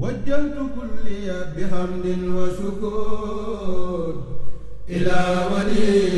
وجهت كلي بحمد وشكر إلى ولي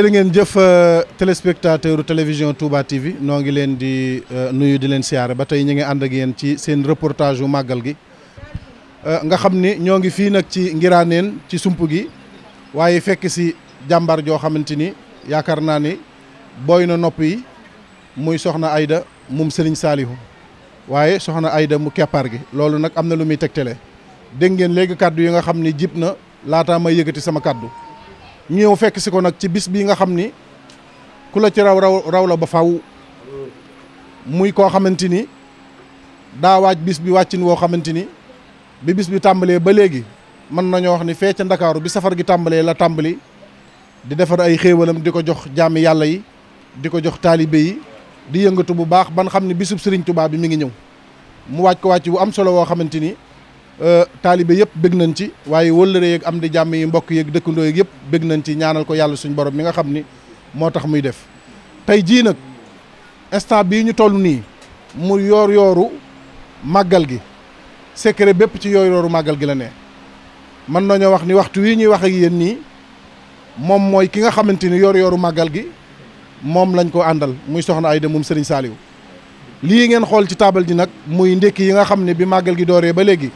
jërë ngeen jëf euh, téléspectateur télévision Touba TV no ngi leen di euh, nuyu di leen siyaare ba tey ñu ngi ànd ak yeen ci seen reportage yu màggal gi euh, nga xamni ño ngi fi nak ci ngiraneen ci sumpu gi waye fekk ci jambar jo xamanteni yakarna ni booy na muy soxna Ayda mum Serigne salihu waye soxna Ayda mu keppaar gi loolu nak amna lu muy tegtale dégg ngeen léegi kaddu yi nga xamni jipna jib ma laataa sama kaddu ñu ñëw fekk si ko nag ci bis bii nga xam kula ku la ci raw raw raw la ba faw muy koo xamante ni daa waaj bis bi wàccin woo xamante bi bis bi tàmbalee ba wax ni bi safar gi tàmbalee la tàmbali di defar ay xéewalam di ko jox jami yàlla yi di ko jox taalibe yi di yëngatu bu baax ban xam bisub Sëriñ Tuubaa bi mi ngi ñëw mu wàcc ko wàcc bu am solo woo Euh, taalibe yëpp bëgg nañ ci waaye wëllëre yeeg am di jàmm yi mbokk yeeg dëkkandoo yeeg yëpp bëgg nañ ci ñaanal ko yàlla suñ borom mi nga xam ni moo tax muy def tey jii nag instant bii ñu toll nii mu yoor yooru màggal gi secret bépp ci yoor yooru màggal gi la ne mën nañoo wax ni waxtu wii ñuy wax ak yéen nii moom mooy ki nga xamante ni yoor yooru màggal gi moom lañ ko àndal muy soxna ay de moom Serigne Saliou lii ngeen xool ci taabal ji nag muy ndékki yi nga xam ne bi màggal gi dooree ba léegi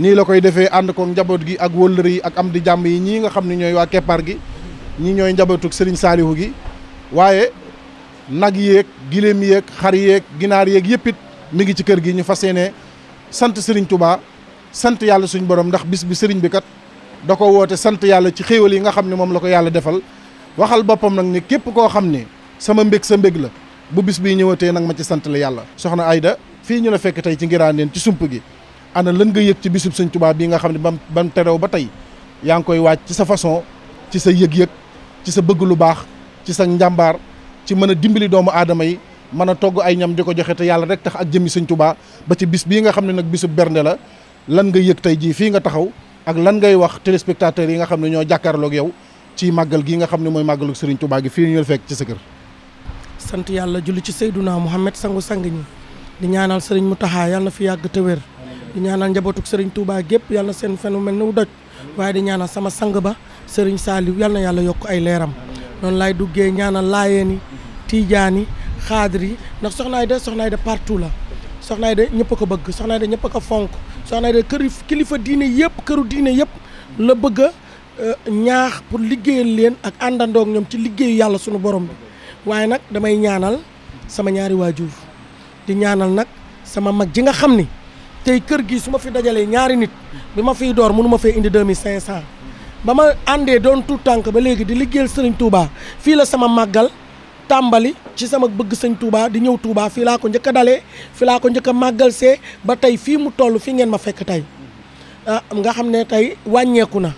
ni la koy defé kong ko njabot gi ak wëllër yi ak am di jàmm yi ñi nga xamni ñoy wa képar gi ñi ñoy njabotuk Serigne Saalihu gi wayé nag yeeg gilem yeeg xar yeeg ginar yeeg yépit mi ngi ci kër gi ñu fasséné sante Serigne Touba sante yalla suñu borom ndax bis bi Serigne bi kat dako woté sante yalla ci xéewal yi nga xamni mom la ko yalla defal waxal bopam nak ni képp ko xamni sama mbég sa mbég la bu bis bi ñëwatee nak ma ci sante la yalla soxna Ayda fi ñu la fekk tay ci ngiraneen ci sump gi. ana lan nga yëg ci bisub sëñ Tuubaa bi nga xam ne bam bam terew ba tey yaa ngi koy waaj ci sa façon ci sa yëg-yëg ci sa bëgg lu baax ci sa njàmbaar ci mën a dimbali doomu aadama yi mën a togg ay ñam di ko joxe te yàlla rek tax ak jëmmi sëñ Tuubaa ba ci bis bii nga xam ne nag bisub bernde la lan nga yëg tey jii fii nga taxaw ak lan ngay wax téléspectateurs yi nga xam ne ñoo jàkkaarloog yow ci màggal gi nga xam ne mooy màggalu sëriñ Tuubaa gi fii ñu fekk ci sa kër sant yàlla julli ci Seydunaa Muhammad sangu sang ñi di ñaanal sëriñ Muntaxaa yàlla na fi yàgg di ñaanal njabotuk Serigne Touba gépp sen seen phénomène wu doj waye di ñaanal sama sang ba Serigne yala yalla na yàlla yokk ay leram non lay duggé ñaanal laayeen yi tiijaan yi xaadir yi de Soxna Aida partout la soxnaay de ñepp ko bëgg soxnaay de ñepp ko fonk soxnaay de kër kilifa diiné yépp këru diiné yépp la bëgg euh, ñaax pour liggéey leen ak àndandoog ñom ci liggéey yalla suñu borom bi waye nak damay ñaanal sama ñaari wajuf di ñaanal nak sama mag ji nga xamni tey kër gi su ma fi dajalee ñaari nit bi ma fiy door mënuma fee indi deux mille cinq ba ma àndee doon tout tànk ba léegi di liggéeyal sëriñ Touba fii la sama màggal tàmbali ci sama bëgg sëñ Touba di ñëw Touba fii laa ko njëkk a dalee fii laa ko njëkk a màggal see ba tey fii mu toll fii ngeen ma fekk tey ah nga xam ne tey wàññeeku na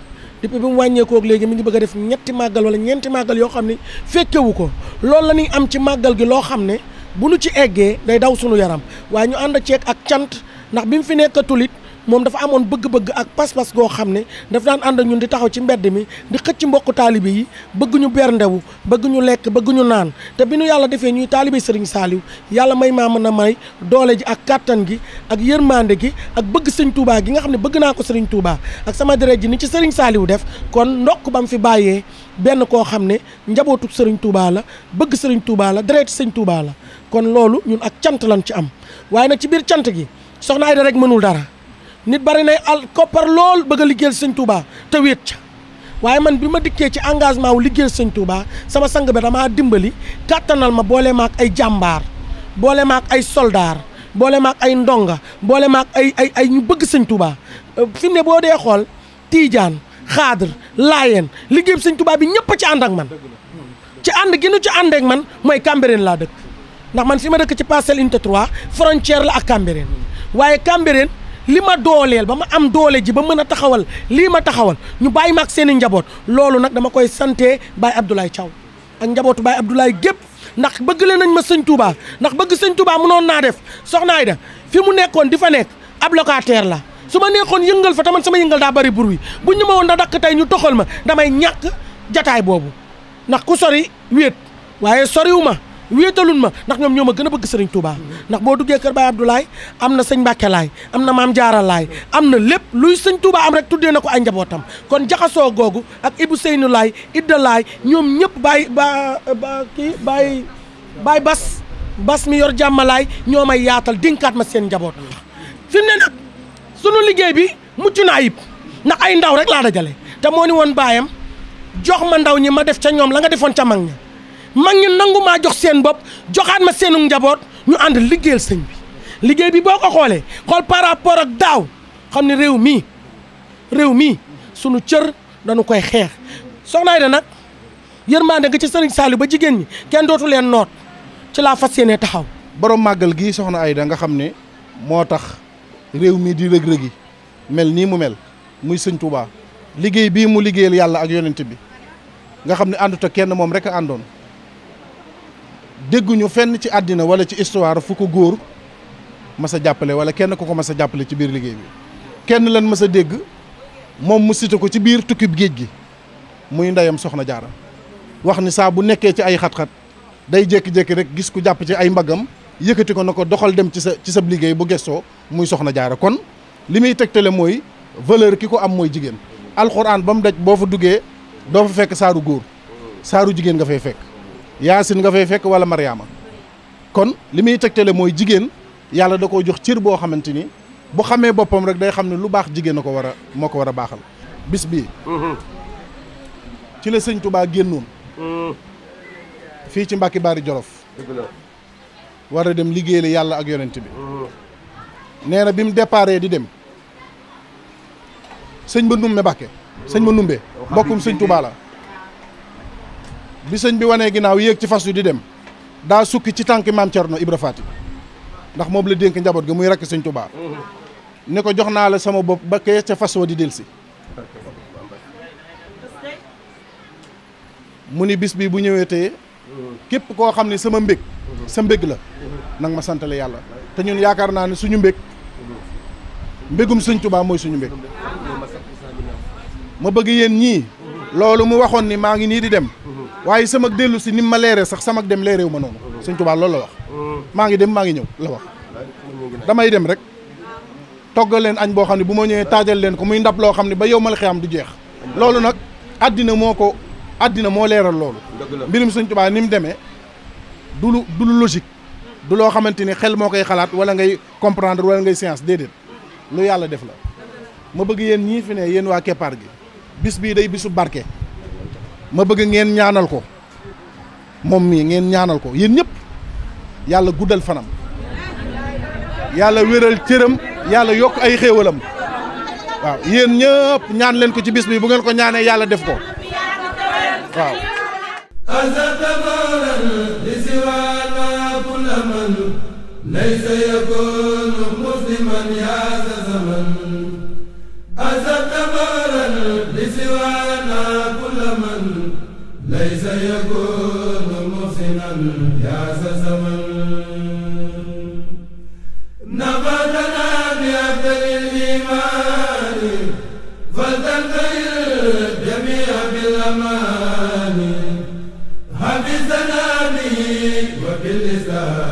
depuis bi mu wàññeekoo léegi mu ngi bëgg a def ñetti màggal wala ñeenti màggal yoo xam ne fekkewu ko loolu la ñuy am ci màggal gi loo xam ne bu nu ci eggee day daw sunu yaram waaye ñu ànd ceeg ak cant ndax bi mu fi nekkatul it moom dafa amoon bëgg-bëgg ak pas-pas goo xam ne daf daan ànd ñun di taxaw ci mbedd mi di xëcc mbokku taalibe yi bëgg ñu berndewu bëgg ñu lekk bëgg ñu naan te bi ñu yàlla defee ñuy taalibe sëriñ saaliw yàlla may maa mën a may doole ji ak kàttan gi ak yërmande gi ak bëgg sëñ Touba gi nga xam ne bëgg naa ko sëriñ Touba ak sama deret ji ni ci sëriñ saaliw def kon ndokk ba mu fi bàyyee benn koo xam ne njabootu sëriñ Touba la bëgg sëriñ Touba la deret sëñ Touba la kon loolu ñun ak cant lañ ci am waaye nag ci biir cant gi soxna Aida rek mënul dara nit bari nay al copper lol bëgg liggéel seigne Touba te wéet ca waaye man bima dikké ci engagement wu liggéel seigne Touba sama sang bi dama dimbali katanal ma bolé mak ay jambar bolé mak ay soldar bolé mak ay ndonga bolé mak ay ay ay ñu bëgg seigne Touba euh, fimné bo dé xol tidiane khadr layen liggéey Touba bi ñëpp ci and ak man ci and gi ñu ci ànd ak man moy Cambérène la dëkk ndax man fima dëkk ci parcelle unité 3 frontière la ak Cambérène waaye Cambérène li ma dooleel ba ma am doole ji ba mën a taxawal lii ma taxawal ñu bàyyi ma seeni njaboot loolu nag dama koy sante Baye Abdoulaye caw ak njabootu Baye Abdoulaye gépp ndax bëgg leen nañ ma sëñ Touba ndax bëgg sëñ mu noon naa def soxna Aida fi mu nekkoon di fa nekk ab locataire la su ma nekkoon yëngal fa tamit sama yëngal daa bari bruit bu ñu ma woon da dakk tey ñu toxal ma damay ñàkk jataay boobu ndax ku sori wéet waaye soriwu ma wéetalun ma ndax ñoom ñoo ma gën a bëgg sëriñ Touba ndax boo duggee kër Baye Abdoulaye am na sëñ Mbacke laay am na maam Jaara laay am na lépp luy sëñ Touba am rek tuddee na ko ay njabootam kon jaxasoo googu ak Ibou Seynou laay Idda laay ñoom ñëpp Baye baa ba kii Baye Bas Bas mi yor jàmmalaay ñoo may yaatal dinkaat ma seen njaboot fi mu ne nag sunu liggéey bi mucc na ayib ndax ay ndaw rek laa dajale te moo ni woon baayam jox ma ndaw ñi ma def ca ñoom la nga defoon ca mag ña mag ñu nangu maa jox seen bopp joxaat ma seenu njaboot ñu ànd liggéeyal sëñ bi liggéey bi boo ko xoolee xool par rapport ak daaw xam ne réew mii réew mii sunu cër dañu koy xeex soxnaay da nag yërmande nga ci sëriñ Saliou ba jigéen ñi kenn dootu leen noot ci laa fas yéenee taxaw. borom màggal gii soxna Aida nga xam ne moo tax réew mii di rëg-rëgi mel nii mu mel muy sëñ Touba liggéey bii mu liggéeyal yàlla ak yonent bi nga xam ne àndut kenn moom rek àndoon. dégguñu fenn ci àddina wala ci histoire fu ko góor mas a jàppale wala kenn ku ko mas a jàppale ci biir liggéey bi kenn leen mas a dégg moom mu cité ko ci biir tukkib géej gi muy ndeyam soxna jaara wax ni saa bu nekkee ci ay xat-xat day jékki-jékki rek gis ku jàpp ci ay mbagam yëkkati ko na ko doxal dem ci sa ci sab liggéey bu gestoo muy soxna jaara kon li muy tegtale mooy valeur ki ko am mooy jigéen alxuraan ba mu dej boo fa duggee doo fa fekk saaru góor saaru jigéen nga fay fekk yaasin nga fay fekk wala maryaama kon li muy tegtale mooy jigéen yàlla da ko jox cir boo xamante ni bu xamee boppam rek day xam ne lu baax jigéen a ko war a moo ko war a baaxal bis bii mhm. ci la sëñ Touba génnoon mhm. fii ci Mbàkke Baari Jolof war a dem liggéeyal yàlla ak yonent bi mhm. nee bi mu déparé di dem sëñ ba numme Mbàkke sëñ ba numbe mbokkum sëñ Touba la bi señ bi wone ginaaw yéeg ci fasu di dem da sukk ci tank mam tierno Ibra Faty ndax mom la denk njabot gi muy señ Touba ne ko joxna la sama bop ba ke ci fasu di delsi mu bis bi bu ñewete kep ko xamni sama sa la nang ma santale yalla te ñun yaakar na ne suñu mbég mbégum señ Touba moy suñu mbég ma bëgg yeen ñi loolu mu waxoon ni ma ngi ni di dem mhm. waye sama delu ci nim ma leeree sax sama dem wu ma non mhm. seigne touba loolu la wax mhm. ma ngi dem mangi ngi ñew la wax damay dem rek togal len añ bo xamni ne bu ma ñëwee taajal leen ko muy ndap lo xamni ba yowmal xiyam du jeex loolu nak adina moko ko mo moo leeral loolu mbirum Sëñ nim ni mu du lu du lu logique du lo xamanteni xel mo koy xalat wala ngay comprendre wala ngay science dedet lu yalla def la ma bëgg yeen ñi fi ne yeen wa gi bis bii day bisu barke ma bëgg ngeen ñaanal ko moom mii ngeen ñaanal ko yéen ñëpp yàlla guddal fanam yàlla wéral cëram yàlla yokk ay xéewalam waaw yéen ñëpp ñaan leen ko ci bis bi bu ngeen ko ñaane yàlla def ko waaw laysa لنا كل من ليس يكون محسنا يا زمن نبتنا بأبدل الإيمان فلتنتهي الجميع بالأمان حفظنا به وباللسان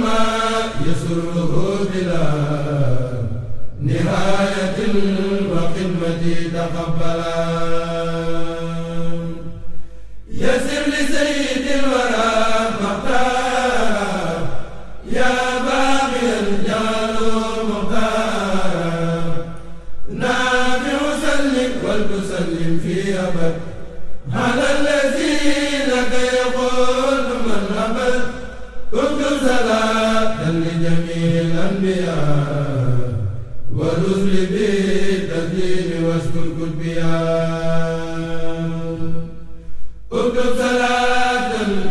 ma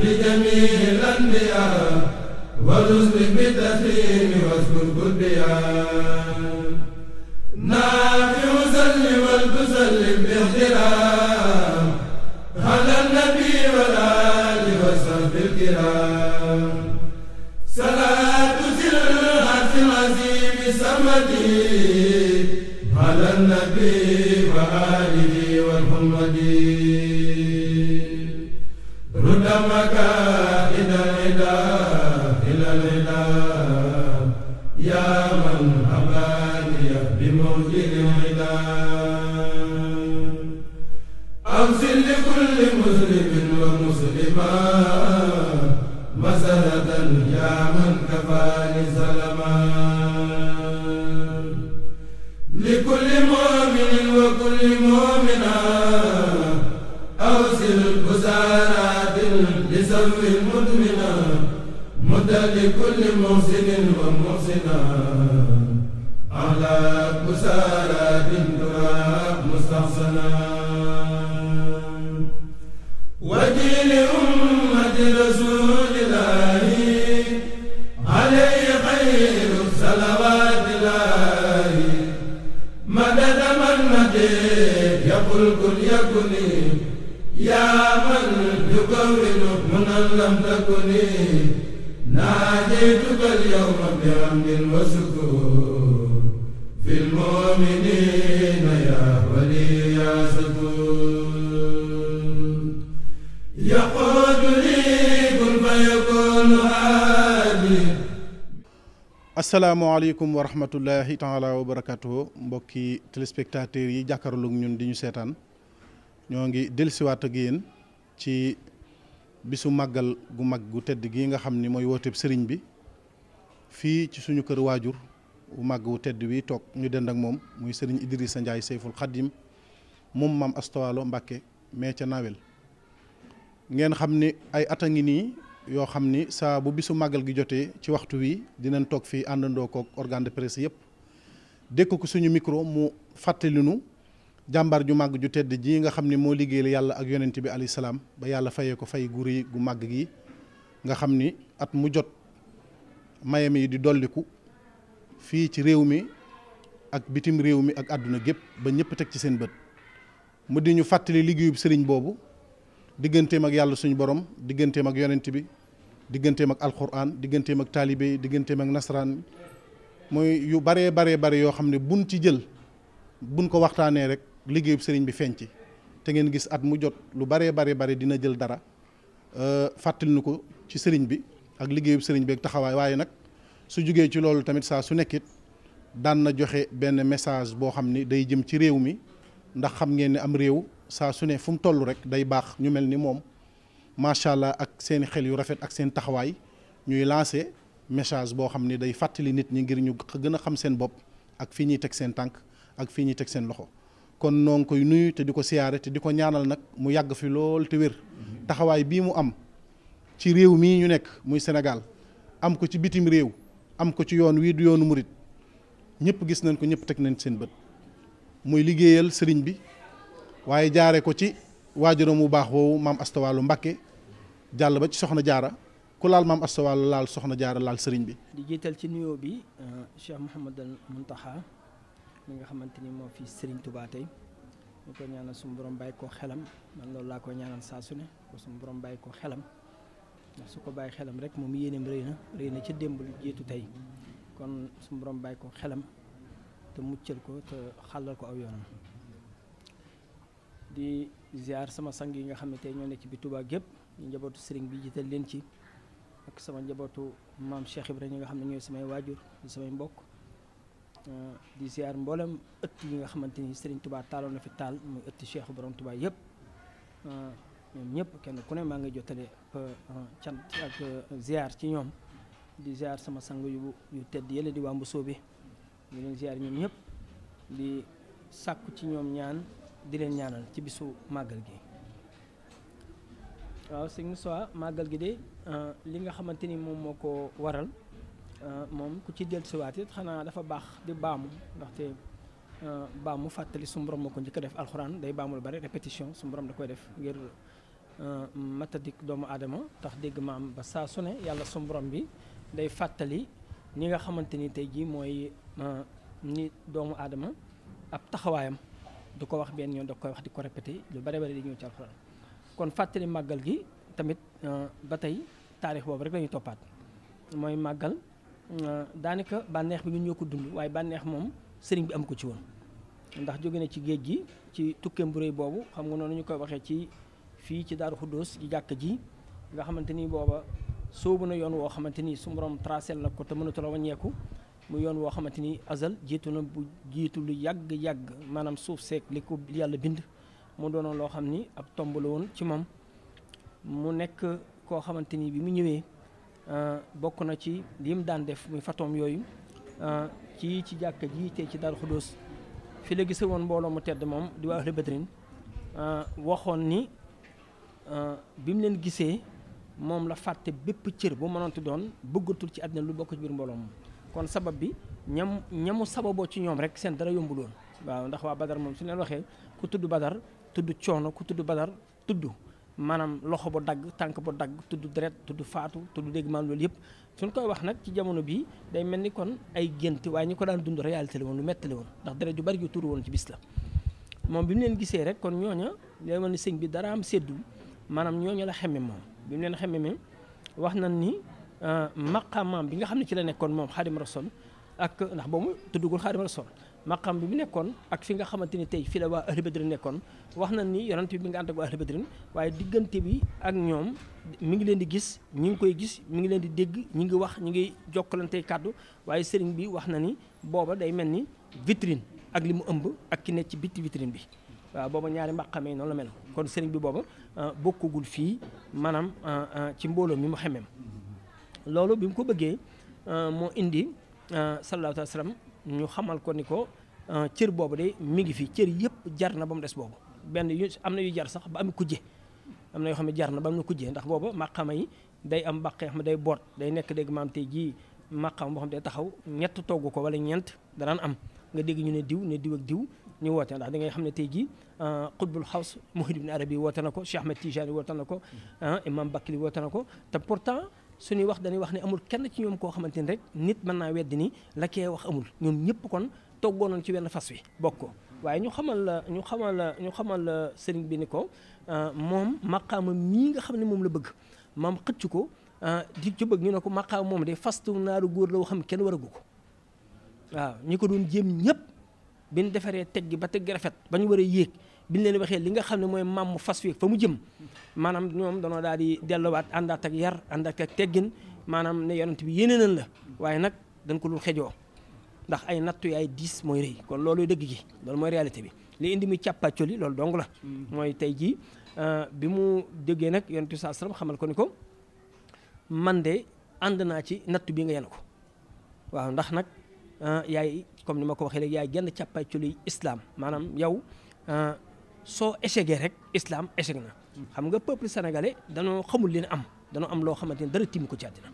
بجميع الأنبياء ورزقك بالتسليم واذكر قربيا نافع سلم وتسلم باحترام على النبي والآل والصحب الكرام صلاة العرش العظيم سمدي على النبي Rama القلب مدمنا مدى لكل محسن ومحسنا على كسارى بالدعاء مستحسنا وجيل أمة رسول الله عليه خير صلوات الله مدد من مجيد يقول كل يكن يا من تكون warahmatullahi لم taala wabarakatuh. mbokki téléspectateurs yi jakarlu ñun di ñu seetaan ñoo ngi ak yeen ci bisu màggal gu mag gu tëdd gii nga xam ni mooy wooteeb sëriñ bi fii ci suñu kër waajur wu màgg wu tedd wi toog ñu dend ak moom muy sëriñ Idrissa Ndiaye Seyful Xadim moom maam Astawaalo Mbàkke mais ca nawel ngeen xam ni ay at a ngi nii yoo xam ni saa bu bisu màggal gi jotee ci waxtu wi dinañ toog fii àndandoo koog organe de presse yëpp dékk ko suñu micro mu fàttalinu jambar ju mag ju tedd ji nga xamni mo liggeel yalla ak yonent bi alayhi salam ba yalla fayé ko fay guri gu mag gi nga xamni at mu jot mayami di doliku fi ci rewmi ak bitim rewmi ak aduna gep ba ñepp tek ci seen beut mu di ñu fatali serign bobu digeentem ak yalla suñu borom digeentem ak yonent bi digeentem ak alquran digeentem ak talibe digeentem ak nasran moy yu bare bare bare yo xamni buñ ci jël buñ ko waxtane rek liggéeyub sëriñ bi feeñ ci te ngeen gis at mu jot lu baree bare bare dina jël dara euh, fàttali nu ko ci sëriñ bi ak liggéeyub sëriñ bi ak taxawaay waaye nag su jugee ci loolu tamit saa su nekkit daan na joxe benn message boo xam ni day jëm ci réew mi ndax xam ngeen ne am réew saa su ne fu mu toll rek day baax ñu mel ni moom macha allah ak seen xel yu rafet ak seen taxawaay ñuy lancé message boo xam ni day fàttali nit ñi ngir ñu gën a xam seen bopp ak fii ñuy teg seen tànk ak fii ñuy teg seen loxo. kon noo koy nuyu te di ko siyaare te di ko ñaanal nag mu yàgg fi lool te wér taxawaay bii mu am ci réew mii ñu nekk muy Sénégal am ko ci bitim réew am ko ci yoon wii du yoonu murit ñëpp gis nañ ko ñëpp teg nañ seen bët muy liggéeyal sëriñ bi waaye jaare ko ci waajuram bu baax woowu maam astawaalu Mbàkke jàll ba ci soxna jaara ku laal maam astawaalu laal soxna jaara laal sëriñ bi ci nuyoo bi euh, Cheikh mi nga xamante ni moo fi Serigne tubaa tey ñu ko ñaanal suñu boroom bàyyi ko xelam man loolu laa ko ñaanal saa su ne ko suñu borom bàyyi ko xelam su ko bàyyi xelam rek moom yéeneem rëy na rëy na ca démb lu jiitu tey kon suñu boroom bàyyi ko xelam te muccal ko te xàllal ko aw yoonam di ziar sama sang yi nga xam ne tey ñoo ne ci bi Touba gépp ñu njabootu Serigne bi jiital leen ci ak sama njabootu maam bi rek ñi nga xam ne ñooy samay waajur samay mbokk di ziar mboolem ëtt yi nga xamante ni Serigne Touba taaloon na fi taal muy ëtt Cheikh Borom Touba yëpp ah, ñoom ñëpp kenn ku ne maa ngi jottale ah, cant ak ah, ziar ci ñoom di ziar sama sang yu yu tedd yële di wàmbu soobi di leen ziar ñoom ñëpp di sàkku ci ñoom ñaan di leen ñaanal ci bisu màggal gi. waaw sëñ Moussa màggal gi de li nga xamante ni moom moo ko waral. moom ku ci dellusiwaat it xanaa dafa baax di baamu ndaxte baamu fàttali suñu borom moo ko njëkk a def alxuraan day baamu lu bari répétition suñu borom da koy def ngir matadik doomu aadama tax dégg maam ba saa su ne yàlla suñu borom bi day fàttali ni nga xamante ni tey jii mooy ni doomu aadama ab taxawaayam du ko wax benn yoon da koy wax di ko répété lu bari bari di ñëw ci alxuraan kon fàttali màggal gi tamit ba tey taarix boobu rek la ñuy toppaat mooy màggal. Euh, daanaka bànneex bi ñu ñëw ko dund waaye bànneex moom sëriñ bi am ko ci woon ndax jóge na ci géej gi ci tukkeem bu rëy boobu xam nga noonu ñu koy waxee ci fii ci Daaru Xuddoos ci jàkk ji nga xamante ni booba soobu na yoon woo xamante ni su borom tracé la ko te mënatu la wàññeeku mu yoon woo xamante ni azal jiitu na bu jiitu lu yàgg yàgg maanaam suuf seek li ko yàlla bind mu doonoon loo xam ni ab tomb la woon ci moom mu nekk koo xamante ni bi mu ñëwee. Euh, bokk na ci li mu daan def muy fatoom yooyu euh, ci ci jàkka ji tey ci Daaru Xudóos fi la gise woon mbooloo mu tedd moom di waa ahlu badrin euh, waxoon ni bi mu leen gisee moom la fàtte bépp cër bu mënantu doon bëggatul ci àddina lu bokk ci biir mbooloo moom kon sabab bi ñam ñamu sababoo ci ñoom rek seen dara yombul woon waaw ndax waa Badar moom su leen waxee ku tudd Badar tudd coono ku tudd Badar tudd maanaam loxo bu dagg tànk bu dagg tudd deret tudd faatu tudd dégg maanaam loolu yëpp suñ koy wax nag ci jamono bi day mel ni kon ay gént waaye ñi ko daan dund réalité la woon lu metti la woon ndax deret ju bari ju tuuru woon ci bis la moom bi mu leen gisee rek kon ñooña day mel ni sëñ bi dara am seddu maanaam ñooña la xemme moom bi mu leen xemmeme wax na ni euh, maqamaam bi nga xam ne ci la nekkoon moom xaadim rasul ak ndax boobu tuddugul xaadim rasul maqam bi mu nekkoon ak fi nga xamante ni tey fi la waa ahlu nekkoon wax na ni yonent bi mi nga ànd ak waa ahlu waaye diggante bi ak ñoom mu ngi leen di gis ñu ngi koy gis mi ngi leen di dégg ñu ngi wax ñu ngi jokkalante kàddu waaye sëriñ bi wax na ni booba day mel ni vitrine ak li mu ëmb ak ki nekk ci bitti vitrine bi waaw booba ñaari maqamee noonu la mel kon sëriñ bi booba euh, bokkagul fii maanaam euh, euh, ci mbooloo mi mu xemem loolu bi mu ko bëggee moo indi sallallahu alayhi ñu xamal ko ni ko euh, cër boobu de mi ngi fi cër yëpp jar na ba mu des boobu benn yu am na yu jar sax ba am kujje am na yoo xam ne jar na ba am na kujje ndax booba màqama yi day am baqee xam day boot day nekk dégg maam tey jii màqama boo xam day taxaw ñett togg ko wala ñeent danaan am nga dégg ñu ne diw ne diw ak diw ñu woote ndax da ngay xam ne tey jii xutbul euh, xaws muhid ibn arabi woote na ko Cheikh Ahmed Tijani woote na ko mm-hmm. ah, imam Bakili woote na ko te pourtant suñuy wax dañuy wax ne amul kenn ci ñoom koo xamante ni rek nit man naa weddi ni la kee wax amul ñoom ñëpp kon toggoonoon ci wenn fas wi bokk ko waaye ñu xamal ñu xamal la ñu xamal la sëriñ bi ni ko euh, moom maqaama mii nga xam ne moom la bëgg maam xëcc ko euh, di ci bëgg ñu ne ko maqaama moom de fastu naaru góor la xam kenn waragu ko waaw ñi ko doon jéem ñëpp bi ñu defaree teg gi ba teg gi rafet ba ñu war a yéeg biñ leen waxee li nga xam ne mooy maam mu fas wi fa mu jëm maanaam ñoom danoo daal di delluwaat àndaat ak yar àndaat ak teggin maanaam ne yonent bi yéene nañ la waaye nag dañ ko dul xejoo ndax ay nattu yaay diis mooy rëy kon loolu dëgg gi loolu mooy réalité bi li indi muy càppaacoli loolu dong la mooy tey jii bi mu déggee nag yonent bi saa sallam xamal ko ni ko man de ànd naa ci nattu bi nga yenn ko waaw ndax nag yaay comme ni ma ko waxee léegi yaay genn càppaacoli islam maanaam yow soo echegee rek islam échec na xam nga peuple sénégalais danoo xamul leen am danoo am loo xamante ni dara timm ko ci àddina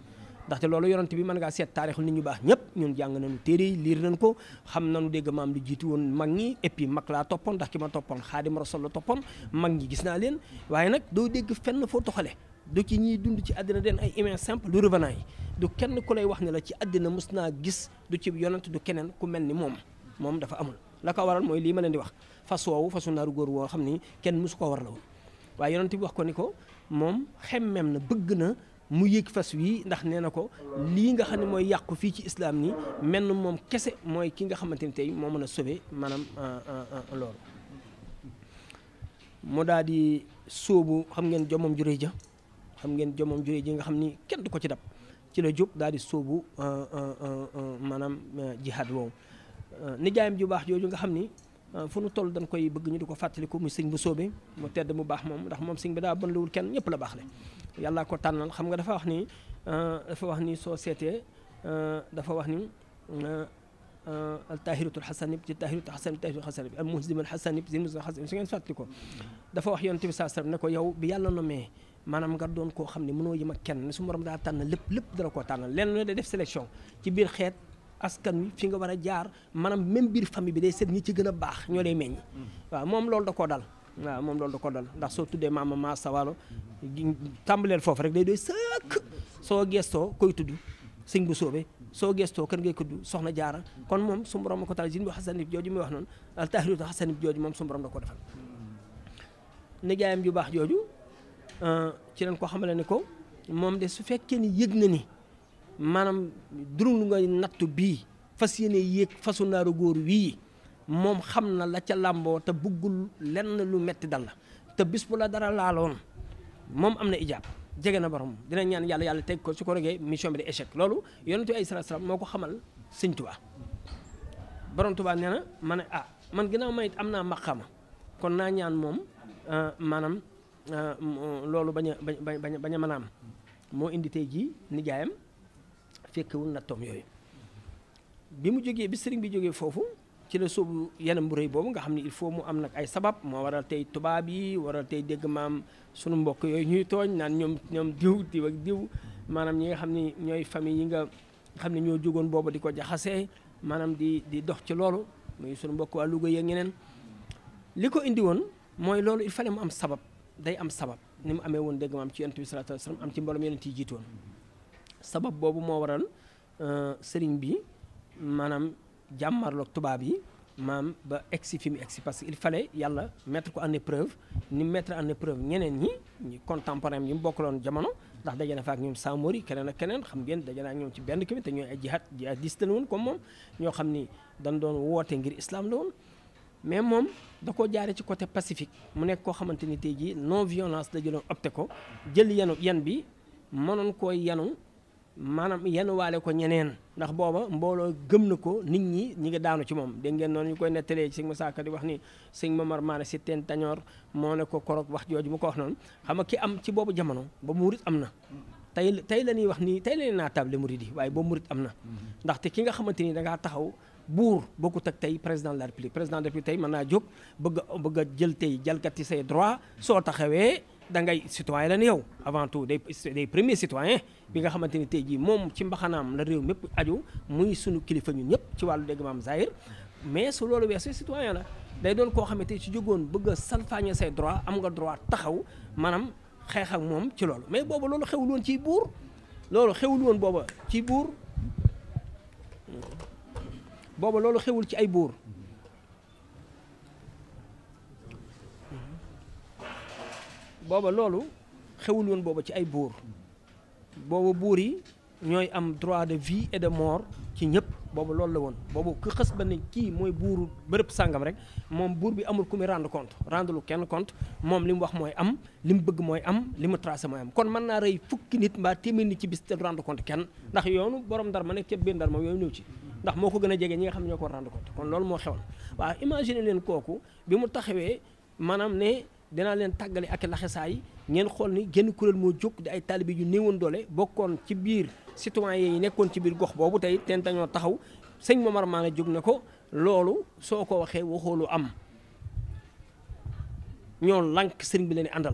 ndaxte loolu yonante bi mën ngaa seet taarixul nit ñu baax ñëpp ñun jàng nañu téere yi liir nañ ko xam nañu dégg maam lu jiitu woon mag ñi et puis mag laa toppoon ndax ki ma toppoon xaadim rasul la toppoon mag ñi gis naa leen waaye nag doo dégg fenn foo toxale du ci ñiy dund ci àddina deen ay humain simple lu revenant yi du kenn ku lay wax ne la ci àddina mës naa gis du ci yonante du keneen ku mel ni moom moom dafa amul la ko waral mooy lii ma leen di wax fas woowu fasu naaru góor woo xam ni kenn mosu koo war la woon waaye yonent bi wax ko ni ko moom xemmem na bëgg na mu yéeg fas wii ndax nee na ko lii nga xam ne mooy yàqu fii ci islaam ni menn moom kese mooy ki nga xamante ni tey moo mën a sauver maanaam euh, euh, euh, loolu mu daal di soobu xam ngeen jomam juré ja xam ngeen jomam juré ji nga xam ni kenn du ko ci dab ci la jóg daal di sóobu maanaam jihaad woow nijaayam ju baax jooju nga xam ni Euh, fu nu toll dañ koy bëgg ñu di ko fàttaliku muy sëñ bu sóobe mu tedd mu baax moom ndax moom sëñ bi daa bon luwul kenn ñëpp la baax le yàllaa ko tànnal xam nga dafa wax ni euh, dafa wax ni soo seetee euh, dafa wax ni al tahiratul xasan bi ci tahiratul xasan bi tahiratul xasan bi al wax yonent bi saa sallam ko yow bi yàlla nomee maanaam nga doon koo xam ne mënoo yëm ma kenn ne su morom daa tànn lépp lépp dala ko tànnal lenn ne da def sélection ci biir xeet askan wi fi nga war a jaar maanaam même biir famille bi day seet ñi ci gën a baax ñoo lay meññ. waaw moom loolu da koo dal moom loolu da koo dal ndax soo tuddee maama maa sawalo tàmbaleel foofu rek day doy sëkk soo gestoo koy tudd sëñ bu soobee soo kan kër ngay tudd soxna jaar kon moom su borom ma ko taal jin bu xasanib jooju muy wax noonu al tahriru xasanib jooju moom su borom da ko defal nijaayam ju baax jooju ah, ci leen ko xamale ne ko moom de su fekkee ni yëg na ni maanaam duru nga nattu bii fas yéene yéeg fasu naaru góor wii moom xam na la ca làmboo te buggul lenn lu metti dal la te bis bu la dara laaloon moom am na ijaab jege na borom dina ñaan yàlla yàlla teg ko su ko regee mission bi di échec loolu yonentu ay salaam moo ko xamal sëñ Tuubaa borom Tuubaa nee na ma a ah, man ginnaaw ma am naa maqama kon naa ñaan moom ah, maanaam ah, loolu bañ a bañ a bañ a mën moo indi tey jii nijaayam fekkewul nattoom yooyu bi mu jógee bi sëriñ bi jógee foofu ci la sóobu yeneen bu rëy boobu nga xam ni il faut mu am nag ay sabab moo waral tey tubaab yi waral tey dégg maam sunu mbokk yooyu ñuy tooñ naan ñoom ñoom diw diw ak diw ñi nga xam ne ñooy famille yi nga xam ne ñoo jógoon boobu di ko jaxasee maanaam di di dox ci loolu muy sunu mbokk waa Louga yeeg ñeneen li ko indi woon mooy loolu il fallait am sabab day am sabab ni mu amee woon dégg maam ci yonent bi salaatu am ci mbooloom yonent yi jiitoon sabab bobu mo waral serigne bi manam jamar lok tuba bi mam ba exi fi mu egsi parce qu'il fallait yàlla mettre ko en épreuve ni mettre en épreuve ñeneen ñi ñi contemporain yi mu jamono ndax dajena fa ak ñoom Samori keneen ak keneen xam ngeen dajena na ñoom ci benn kii te ñoy ay jihad jihadiste la woon comme mom ño xamni dañ doon wote ngir islam la woon. mais mom da ko jaare ci côté pacifique mu nek ko xamanteni tay ji non violence da jëloon opté ko jël yenu yen bi mënoon koy yanu maanaam waale ko ñeneen ndax booba mbooloo gëm na ko nit ñi ñi ngi daanu ci moom dégg ngeen noonu ñu koy nettalee ci sëñ Moussa di wax ni sëñ Mamar Maane si teen tañoor moo ne ko korog wax jooju mu ko wax noonu xam nga ki am ci boobu jamono ba murit am na tey tey la ñuy wax nii tey la ñuy naatable murit yi waaye boobu murit am na ndaxte ki nga xamante ni da ngaa taxaw buur boo bokkut ak tey président la république président de la république tey mën naa jóg bëgg a bëgg a jël tey jalgati sey droit soo taxawee da ngay citoyen la ne yow avant tout day day premier citoyen bi nga xamanteni tay ji mom ci mbaxanam la rew mepp aju muy sunu kilifa ñun ñep ci walu dégg mam Zahir mais su lolu weesoo citoyen la day doon xamé tay ci jógoon bëgg a salfaañe say droit am nga droit taxaw manam xex ak mom ci lolu mais bobu lolu xewul won ci bour lolu xewul won bobu ci bour bobu lolu xewul ci ay bour booba loolu xewul woon booba ci ay buur booba buur yi ñooy am droit de vie et de mort ci ñëpp boobu loolu la woon boobu ku xës ba ne kii mooy buuru bërëb sàngam rek moom buur bi amul ku muy rendre compte rendre lu kenn compte moom li mu wax mooy am li mu bëgg mooy am li mu tracé mooy am kon mën naa rey fukki nit mbaa téeméer nit ci bis te rendre compte kenn ndax yoonu borom ndar ma nekk ca biir ndar moom yooyu ñëw ci ndax moo ko gën a jege ñi nga xam ne ñoo ko kon loolu moo xewal waaw imagine leen kooku bi mu taxawee maanaam ne dinaa leen tàggale ak laxasaay ngeen xool ni genn kuréel moo jóg di ay taalibe yu néewoon doole bokkoon ci biir citoyen yi nekkoon ci biir gox boobu tey teen dañoo taxaw sëñ Momar Mané jóg na ko loolu soo ko waxee waxoolu am ñoo lànk sëriñ bi leen àndal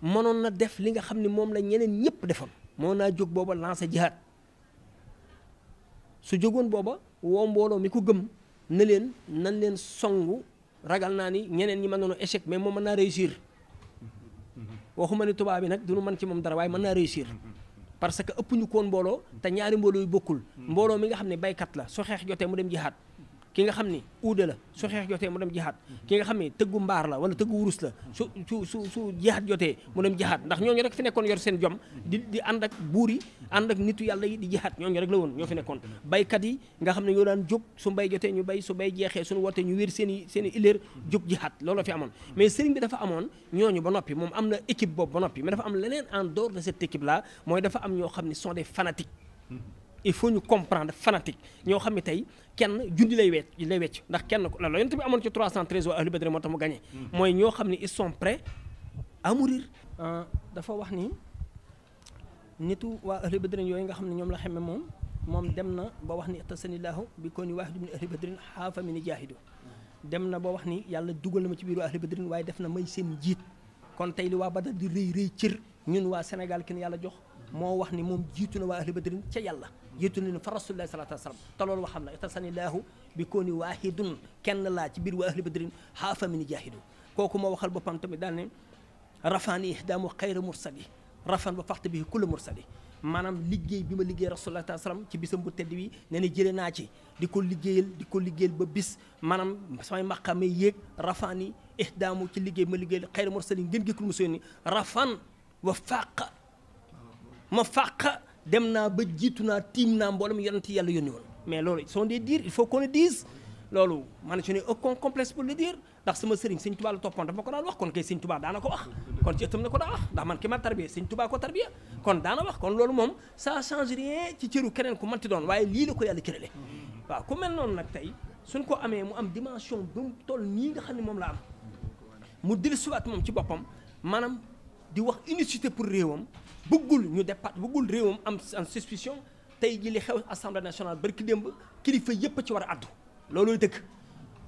mënoon na def li nga xam ne moom la ñeneen ñëpp defoon moo naa jóg booba lancé jihaad su jógoon booba woo mbooloo mi ko gëm na leen nan leen songu ragal naa ni ñeneen ñi mën nañu échec mais moom mën naa réussir waxuma ni tubaab bi nag du ñu mën ci moom dara waaye mën naa réussir parce que ëpp ñu koon mbooloo te ñaari mbooloo yu bokkul mbooloo mi nga xam ne baykat la su xeex jotee mu dem jihaad ki nga xam ni uude la su xeex jotee mu dem jihaat ki nga xam ni tëggu mbaar la wala tëggu wurus la su su su su jihaat jotee mu dem jihaat ndax ñooñu rek fi nekkoon yor seen jom di di ànd ak buur yi ànd ak nitu yàlla yi di jihaat ñooñu rek la woon ñoo fi nekkoon baykat yi nga xam ne ñoo daan jóg su mbay jotee ñu bay su bay jeexee suñu wootee ñu wér seeni seen i illéer jóg jihaat looloo fi amoon mais sëriñ bi dafa amoon ñooñu ba noppi moom am na équipe boobu ba noppi mais am leneen en dehors de cette équipe là mooy dafa am ñoo xam ne sont des fanatiques il faut nous comprendre fanatique ñoo xam tay kenn jundi lay wecc lay wecc ndax kenn ko loolu yonent bi amoon ci 313 wa ahlu badri motam tax mu gagné. Hmm. mooy ñoo xam ils sont prêts à mourir. euh dafa wax ni nitu wa ahlu badrin yoy nga xam ñom la xamee mom mom dem na ba wax ni itasanillahu bi koni waahidu min ahli badrin hafa min jaahidu dem na ba wax ni yalla duggal na ma ci biiru ahli badrin waaye def na may seen njiit kon tay li wa badar di reey reey cër ñun wa Sénégal kenn yalla jox. moo wax ni moom jiitu na waa ahli badrin ca yàlla jiitu na ni fa rasulillahi salatu wasalam te loolu waxam la itasani laahu bi kooni waahidun kenn laa ci biir waa ahli badrin xaafa min jaahidu kooku moo waxal boppam tamit daal ne rafaani ihdaamu xayra mursali rafan ba faxte bi kulla mursali maanaam liggéey bi ma liggéey rasulullah taala salaam ci bisam bu teddi wi ne ne jëlee naa ci diko liggeyel diko liggeyel ba bis manam samay makame yek rafani ihdamu ci liggey ma liggeyel xayra mursali ngeen gëkkul mu sonni rafan wa faqa ma faqa demna ba jituna timna mbolam naa yalla yonent yàlla mais loolu sont des dire il faut qu'on le dise loolu man je n'ai aucun complexe pour le dire ndax sama sëriñ sëñ touba la toppoon dafa ko daan wax kon kay sëñ Tuubaa daana ko wax kon ci etam na ko daa wax ndax man ki ma tarbiya sëñ touba ko tarbiya kon dana wax kon loolu mom ça change rien ci ciiru keneen ku manti doon waaye lii la ko yàlla cërale waaw ku mel non nak tay suñ ko amé mu am dimension bu tol ni nga xamni mom la am mu dil mom ci bopam manam di wax unicité pour rewam bëggul ñu départ bëggul réewam am en suspicion tey ji li xew assemblée nationale barki démb kilifa yépp ci war a addu loolooy dëkk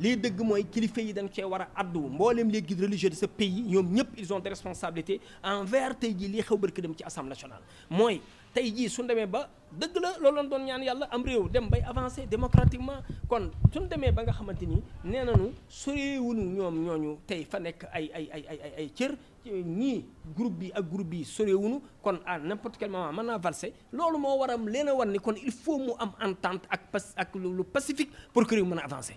lii dëgg mooy kilifa yi dañ cee war a addu mboolem les guides religieux de ce pays ñom ñep ils ont des responsabilités envers tay ji li xew barke dem ci assemblée nationale. moy tay ji suñu demee ba deug la loolu doon ñaan yalla am rew dem bay avancer démocratiquement kon suñu demee ba nga xamanteni ni nee ñom ñoñu tay fa nek ay ay ay ay ay cër. ñi groupe bi ak groupe bi sorewunu kon à n'importe quel moment mën naa valser loolu mo waram leena a ni kon il faut mu am entente ak ak lu pacifique pour que réew meuna avancer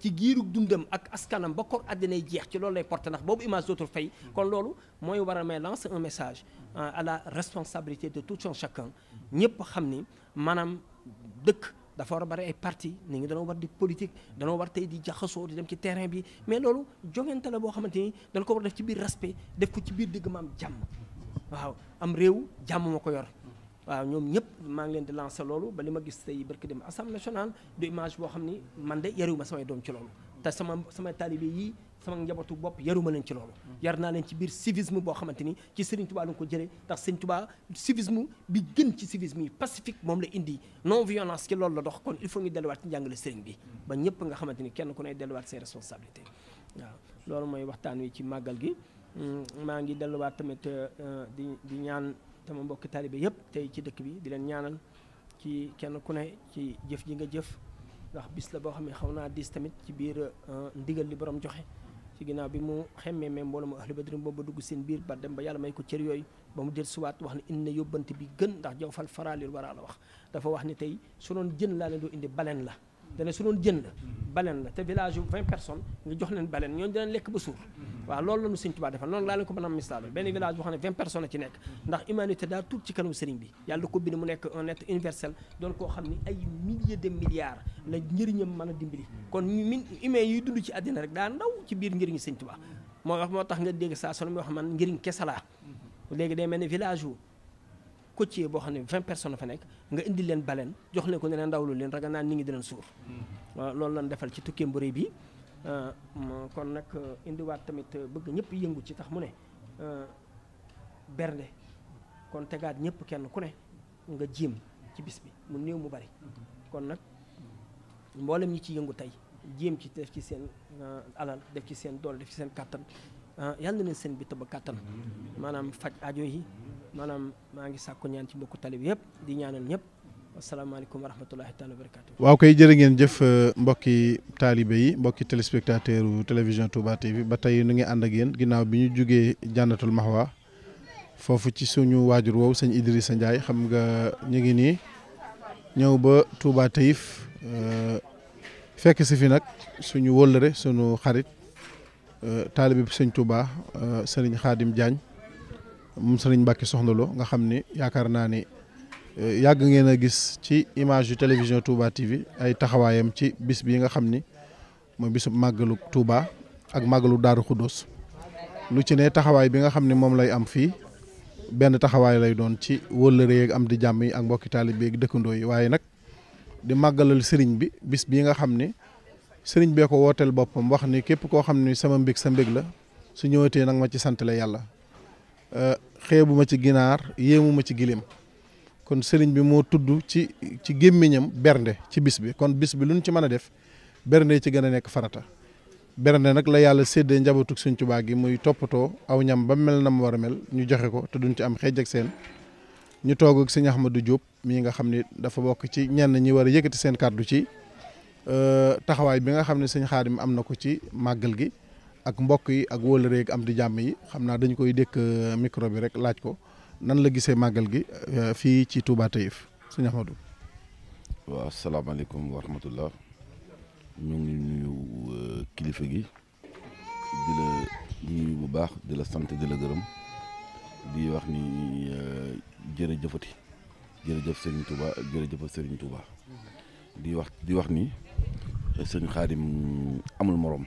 ci giirug dundam ak askanam ba kor àddinay jeex ci loolu lay porté ndax boobu image d'autre fay kon loolu moy wara a may lancer un message euh, à la responsabilité de tout un chacun ñepp xamni manam dekk dëkk dafa wara bari ay parti ni ñi dañoo war di politique dañoo war tay di jaxasoo di dem ci terrain bi mais loolu jongante la boo xamante ni ko wara def ci biir respect def ko ci biir digg ma jam jàmm waaw am rew jam mako ko yor waaw ñoom ñëpp maa ngi leen di lancer loolu ba li ma gis tey barki dem assemblée nationale du image boo xam ni man de yaruma samay doom ci loolu te sama sama taalibe yii sama njabootu bopp yaruma leen ci loolu yar naa leen ci biir civisme boo xamante ci Serigne Touba la ko jëlee ndax Serigne Touba civisme bi gën ci civisme yi pacifique moom la indi non violence ci loolu la dox kon il faut ñu delluwaat ci njàngale Serigne bi ba ñëpp nga xamante kenn ku sama mbokki taalibe yëpp tey ci dëkk bi di leen ñaanal ci kenn ku ne ci jëf ji nga jëf ndax bis la boo xam ne xaw naa diis tamit ci biir euh, ndigal li borom joxe ci ginnaaw bi mu xemmee même mbooloo mu ahlu badrin boobu dugg seen biir ba dem ba yàlla may ko cër yooyu ba mu del suwaat wax ne na yóbbante bi gën ndax jaw fal faraalil waraa la wax dafa wax ni tey su doon jën laa leen doo indi baleen la dana su doon jënd balen la te village yu vingt personnes nga jox leen balen ñoo dinañ lekk ba suur waaw loolu la ñu sëñ Tuubaa defal noonu laa leen ko mën a misaal benn village boo xam ne vingt personnes ci nekk ndax humanité daal tuut ci kanam sëriñ bi yàlla ko bind mu nekk un être universel doon koo xam ni ay milliers de milliards la njëriñam mën a dimbali kon min humain yuy dund ci àddina rek daa ndaw ci biir njëriñu sëñ Tuubaa moo wax moo tax nga dégg saa solo mi wax man njëriñ kese laa léegi day mel ni village côtier boo xam ne vingt personnes fa nekk nga indi leen baleen jox leen ko ne leen ndawlu leen ragal naa nit ñi dinañ suur loolu lan defal ci tukkeem bu rëy bi euh, kon nag euh, indiwaat tamit euh, bëgg ñëpp yëngu ci tax mu ne bernde kon tegaat ñëpp kenn ku ne nga jiim ci bis bi mu néew mu bari kon nag mboolem ñi ci yëngu tey jéem ci def ci seen alal def ci seen dool def ci seen kàttan yàlla na leen seen bi tëb kàttan maanaam faj aajo yi maanaam maa ngi sàkku ñaan ci mbokku tali bi yëpp di ñaanal ñëpp asalaamaaleykum wa rahmatulahi taala wa barakaatu. waaw koy jërë ngeen jëf euh, mbokki taalibe yi mbokki téléspectateur télévision Touba TV ba tey nu ngi ànd ak yéen ginnaaw bi ñu jugee jànnatul maxwa foofu ci suñu waajur woowu sëñ sa Ndiaye xam nga ñu ngi nii ñëw ba Touba Taïf euh, fekk si fi nag suñu wëllëre suñu xarit euh, taalibe bi sëñ tuuba sëriñ Xaadim Diagne. moom sëriñ Mbacke Soxna nga xam ni yaakaar naa ni eh, yàgg ngeen a gis ci image yu télévision Touba TV ay taxawaayam ci bis bi nga xam ni mooy bisu màggalu Touba ak màggalu Daaru Xuddoos lu ci ne taxawaay bi nga xam ne moom lay am fii benn taxawaay lay doon ci wëllëre yeeg am di jàmm yi ak mbokki taalib dëkkandoo yi waaye nag di màggalal sëriñ bi bis bii nga xam ne sëriñ bee ko wooteel boppam wax ni képp koo xam ni sama mbég sa mbég la su ñëwatee nag ma ci sant la yàlla xeebuma ci ginaar yéemuma ci giléem kon sëriñ bi moo tudd ci ci gémmiñam bernde ci bis bi kon bis bi lu ñu ci mën a def bernde ci gën a nekk farata bernde nag la yàlla séddee njabootug Sëriñ Tuubaa gi muy toppatoo aw ñam ba mel na mu war a mel ñu joxe ko te duñ ci am xeej ak seen ñu toog ak Sëriñ Ahmadou Diop mii nga xam ni dafa bokk ci ñenn ñi war a yëkkati seen kàddu ci euh, taxawaay bi nga xam ne Sëriñ Xaadim am na ko ci màggal gi ak mbokk yi ak wóolare ak am di jàmm yi xam naa dañu koy dékk euh, micro bi rek laaj ko nan la gisee màggal gi euh, fii ci Touba Taïf sëñ Ahmadou. waaw salaamaaleykum wa rahmatullah ñu ngi nuyu euh, kilifa gi di la nuyu bu baax di la sant di la gërëm di wax ni jërëjëfati jërëjëf Serigne Touba jërëjëf Serigne Touba di wax di wax ni sëñ Xaadim amul morom.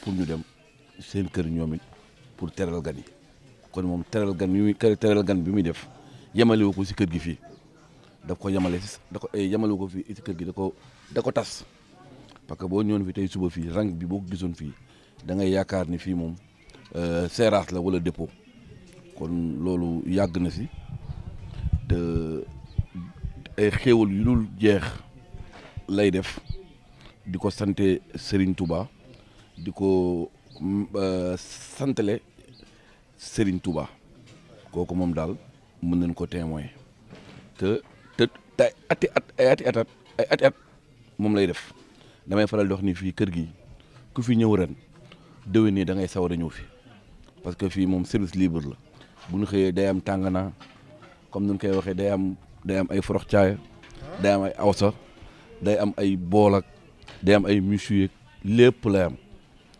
pour ñu dem seen kër ñoom it pour teral gan yi kon moom teral gan bi muy teral gan bi muy def yemalewu ko si kër gi fii daf ko yemale si da ko eh, yemalewu ko fii si kër gi da ko da ko tas parce que boo ñëwoon fi tey suba fii rang bi boo ko gisoon fii dangay yaakaar ni fii moom euh, seeraas la wala dépôt kon loolu yàgg na si te ay xéewal yu dul jeex lay def di ko sante Serigne Touba. di ko mm, santale Serigne Touba kooku moom daal mën nañ ko témoin te te ay ati at ay at ay ati at moom lay def damay faral di wax ni fii kër gi ku fi ñëw ren déwén nii da ngay sawar a ñëw fi parce que fii moom service libre la bu ñu xëyee day am tànganaa comme ni ñu koy waxee day am day am ay forox caaya day am ay awsa day am ay boolak day am ay musu lépp lay am.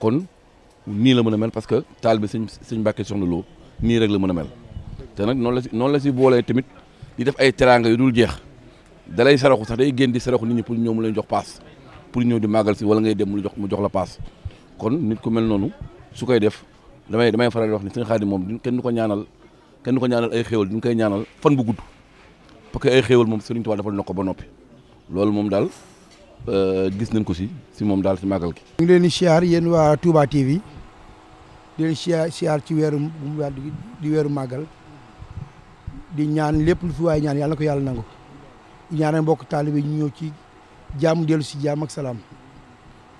kon nii la mën a mel parce que taal bi sëñ sëñ Mbàkke Soxna loo nii rek la mën a mel te nag noonu la si noonu la si boolee tamit di def ay teraanga yu dul jeex dalay saraxu sax day génn di saraxu nit ñi pour ñëw mu lay jox paas pour ñëw di màggal si wala ngay dem mu jox mu jox la paas kon nit ko mel noonu su koy def damay damay faral di wax ni sëñ Xaadim moom kenn du ko ñaanal kenn ko ñaanal ay xéewal duñ koy ñaanal fan bu gudd parce que ay xéewal moom Sëriñ Tuubaa defal na ko ba noppi loolu moom daal Euh, gis nañ ko ci ci mom dal ci magal ki ngi leen di yeen wa Touba TV di leen siyaar siyaar ci weeru di wéru magal di ñaan lepp lu fi way ñaan yalla ko yalla nangu ñaanay mbokk talibé ñu ñëw ci jàmm delu si jàmm ak salam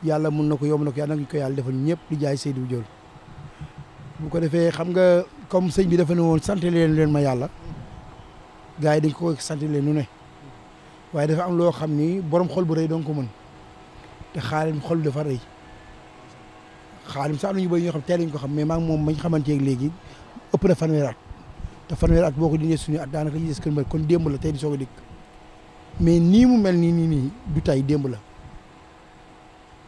yalla mun nako yom nako yalla ko ko yalla defal ñepp di jaay Seydou Diol bu ko defé xam nga comme sëñ bi dafa won woon leen leen ma yalla gaay dañ ko sant leen nu ne. waye dafa am lo xamni borom xol bu reey donc ko mën te xalim xol dafa reey xalim sax am bay ñu xam té lañ ko xam mais ma ngi moom mañ ak légui ëpp na fanwera te fanwera ak boo ko dindee suñu at daanaka ñu des kër mbër kon démb la té di soga dik mais ni mu mel ni ni ni du tay démb la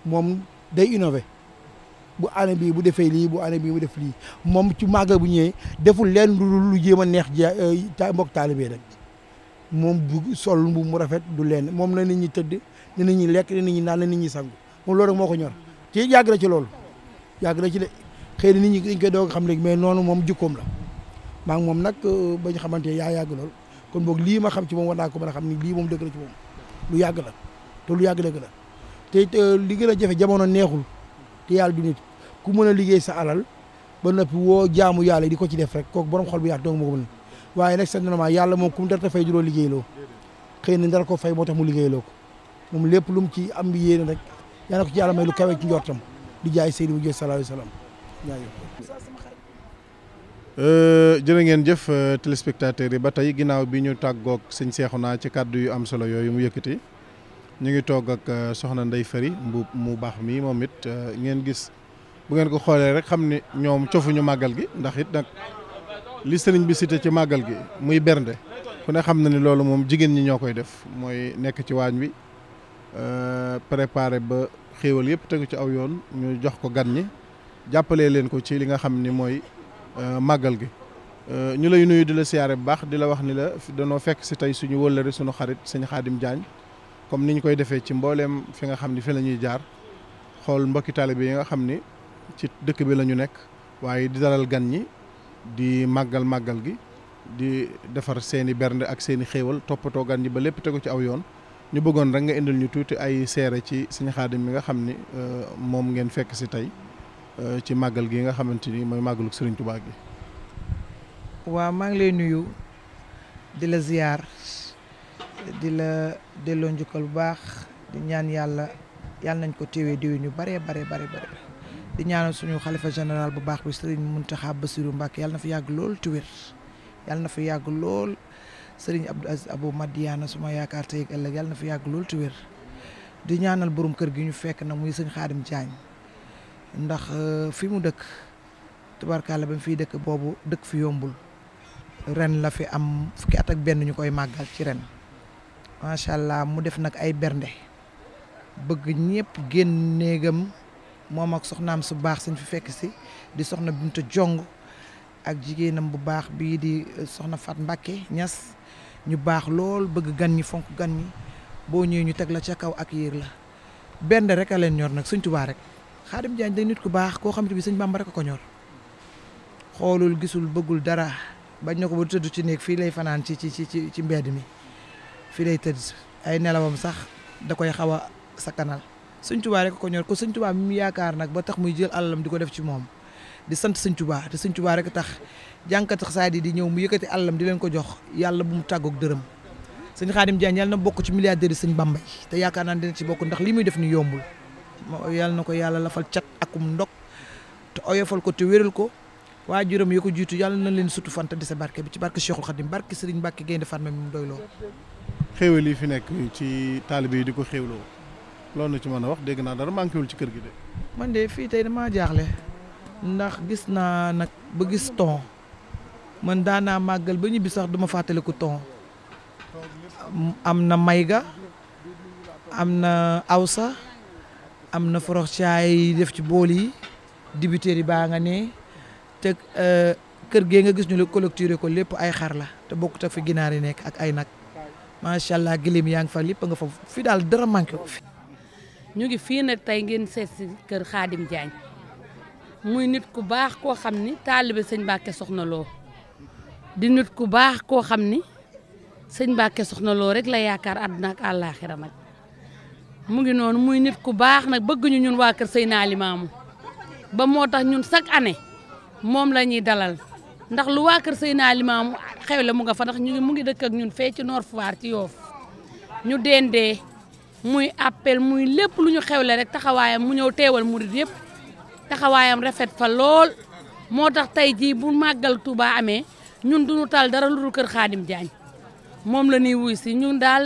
mom day innover bu ané bi bu défé li bu ané bi mu def li mom ci màggal bu ñëwee deful lén lu jéma neex ja mbok talibé rek mom bu sol mbu mu rafet du len mom la nit ñi teud ni nit ñi lek ni nit ñi nan ne nit ñi sang moom loolu rek moko ñor ci yag na ci lool yag na ci de xëy nit ñi dañ koy xam léegi mais nonu mom jukkom la ma ak mom nak euh, bañ xamanté ya yag lool kon bok li ma xam ci mom wala ko mëna xam ni li mom dëgg la ci mom lu yag la te lu yag dëgg la te euh, li gëna a jamono neexul te yalla du nit ku mëna liggéey sa alal ba nopi wo jaamu yalla di ko ci def rek kok borom xol bu yaatu dong moo ko waaye nag c'est normal yàlla moom ku mu dara fay juróo liggéeyloo xëy na dara ko fay moo tax mu liggéeyloo ko moom lépp lu mu ci am bi yéene rek yàlla ko ci yàlla may lu kawe ci njortam di jaay Seydou bu Diop sallallahu alayhi wa sallam euh, ngeen jëf euh, téléspectateurs yi ba tey ginnaaw bi ñu tàggoog sëñ Seexuna ci kàddu yu am solo yooyu mu yëkkati ñu ngi toog ak euh, soxna Ndeye Fary Mbuub mu baax mii moom it ngeen gis bu ngeen ko xoolee rek xam ni ñoom cofuñu màggal gi ndax it nag li sëriñ bi cité ci màggal gi muy bernde ku ne xam na ni loolu moom jigéen ñi ñoo koy def mooy nekk ci waañ wi euh, préparé ba xéewal yëpp tegu ci aw yoon ñu jox ko gan ñi jàppalee leen ko ci li nga xam ni mooy euh, màggal gi euh, ñu lay nuyu di la siyaare bu baax di la wax ni la danoo fekk si tey suñu wëllëre suñu xarit sëñ Xaadim Jaañ comme ni ñu koy defee ci mbooleem fi nga xam ni fi la ñuy jaar xool mbokki taalibe yi nga xam ni ci dëkk bi la ñu nekk waaye di dalal gan ñi di màggal màggal gi di defar seeni bernde ak seeni xéewal toppatoo gan ñi ba lépp tegu ci aw yoon ñu bëggoon rek nga indil ñu tuuti ay seere ci Sëñ Xaadim mi nga xam ni euh, moom ngeen fekk si tey euh, ci màggal gi nga xamante ni mooy màggaluk Sëriñ Tuubaa gi waaw maa ngi lay nuyu di la ziyaar di la delloo njukkal bu baax di ñaan yàlla yàlla nañ ko téewee diwin yu bare bare bare bare di ñaanal suñu khalifa général bu baax bi serigne muntaha basirou mbak yalla na fi yag lool ci wér yalla na fi yag lool serigne Abdou Aziz Abou Madiana suma yaakar tay ak ëlëg yalla na fi yag lool ci wér di ñaanal borom kër gi ñu fekk na muy serigne khadim Jaañ ndax euh, fi mu dëkk tubarkalla ba mu dëkk bobu dëkk fi yombul ren la fi am fukki at ak benn ñukoy koy ci ren macha allah mu def nak ay bernde bëgg ñëpp gën neegam mom ak soxnam su bax sañ fi fekk ci di soxna Binta Jong ak jigeenam bu bax bi di soxna Fat Mbacke ñas ñu bax lool bëgg gan ñi fonk gan ñi bo ñew ñu teg la ca kaw ak yir la ben rek a ñor nak Sëñ Tuubaa rek Xaadim Jaañ day nit ku bax ko xam bi rek ko ñor xolul gisul bëggul dara bañ nako bu ba ci neek fi lay fanaan ci ci ci ci mbedd mi fi lay tëdd ay nelawam sax da koy xawa kanal sëñ Tuubaa rek ko ñor ko sëñ Tuubaa mi yaakaar nag ba tax muy jël alalam di ko def ci moom di sant sëñ Tuubaa te sëñ Tuubaa rek tax jànkati xasaayid yi di ñëw mu yëkkati alalam di leen ko jox yàlla bu mu tàggoog dërëm sëñ Xaadim Jaañ yàlla na bokk ci milliardaire yi sëñ Bamba te yaakaar naa dina ci bokk ndax li muy def ni yombul yàlla na ko yàlla lafal cat akum ndog te oyofal ko te wéral ko waa juróom yi ko jiitu yàlla na leen sutu fanta di sa barke bi ci barke Cheikhul Khadim barke Serigne Mbacke Gaynde Fatma mi mu doyloo yi fi nekk ci taalibe yi di ko xéewloo loolu na ci mën a wax dégg naa dara manqué wul ci kër gi de. man de fii tey dama jaaxle ndax gis naa nag ba gis ton man daanaa màggal ba ñibbi sax duma fàttaliku ton am na mayga am na awsa am na forox caay def ci bool yi yi baa nga ne te euh, kër gee nga gis ñu collecturé ko lépp ay xar la te bokkut ak fi ginaar yi nekk ak ay nag macha allah gilim yaa ngi fa lépp nga fa fi daal dara manqué fi. ñu ngi fii nag tey ngeen seet si kër xaadim Diagne muy nit ku baax koo xam ni taalibe sëñ Mbàkke Soxna loo di nit ku baax koo xam ni sëñ Mbàkke Soxna loo rek la yaakaar àdduna ak àllaaxira nag mu ngi noonu muy nit ku baax nag bëgg ñu ñun waa kër Seydina Limaamu ba moo tax ñun chaque année moom la ñuy dalal ndax lu waa kër sëy Seydina Limaamu xew la mu nga fa ndax ñu mu ngi dëkk ak ñun fee ci Nord Foire ci Yoff ñu dendee muy appel muy lépp lu ñu xewle rek taxawaayam mu ñëw teewal murit yëpp taxawaayam rafet fa lool moo tax tey jii bu màggal Touba amee ñun duñu tal dara lu dul kër Xaadim Jaañ moom la ñuy wuy si ñun daal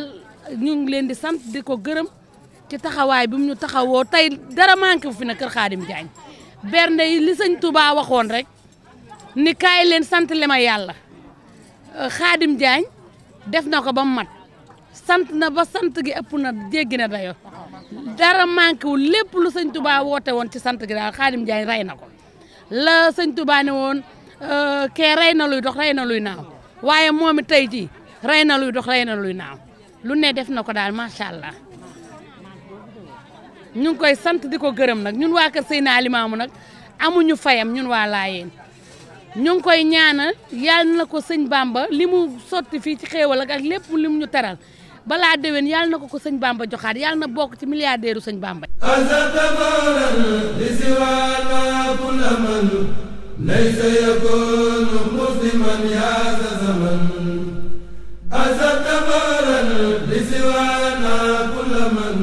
ñu ngi leen di sant di ko gërëm ci taxawaay bi mu ñu taxawoo tey dara manqué wu fi kër Xaadim Jaañ bernde yi li sëñ Touba waxoon rek ni kaay leen sant li ma yàlla Xaadim Jaañ def na ko ba mu mat sant na ba sant gi ëpp na jéggi na dayo dara manqué lépp lu sëñ Touba woote woon ci sant gi daal Xaadim Njaay rey na ko la sëñ Touba ne woon euh, kee rey na luy dox rey na luy naaw waaye moom it tey jii rey na luy dox rey na luy naaw lu ne def na ko daal macha allah ñu ngi koy sant di ko gërëm nag ñun waa Kër Seydina Limaamu nag amuñu fayam ñun waa Laayeen ñu ngi koy ñaanal yal na ko sëñ Bamba li mu sotti fii ci xéewal ak lépp li ñu teral balaa déwén yàlla na ko ko sëñ Bamba joxaat yàlla na bokk ci milliardaire u sëñ Bamba laysa yakunu musliman yaasa zaman asatafaran li siwaana kulla man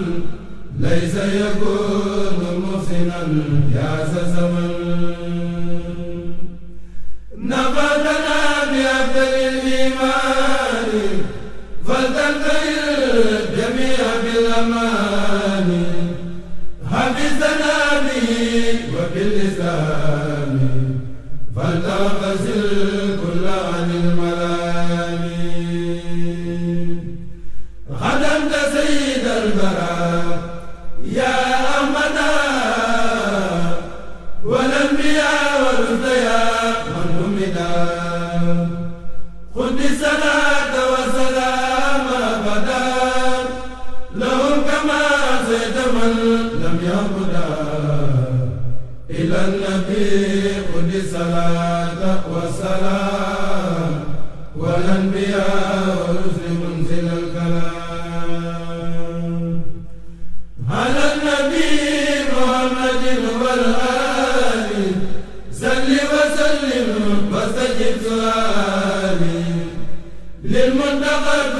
laysa yakunu musliman yaasa zaman nafatana bi afdalil imaani فلتلتقي الجميع بالامان حفظنا به وباللسان فلتغسل والأنبياء والرسل منزل الكلام على النبي محمد والآل سل وسلم وسجد سؤالي للمنتقى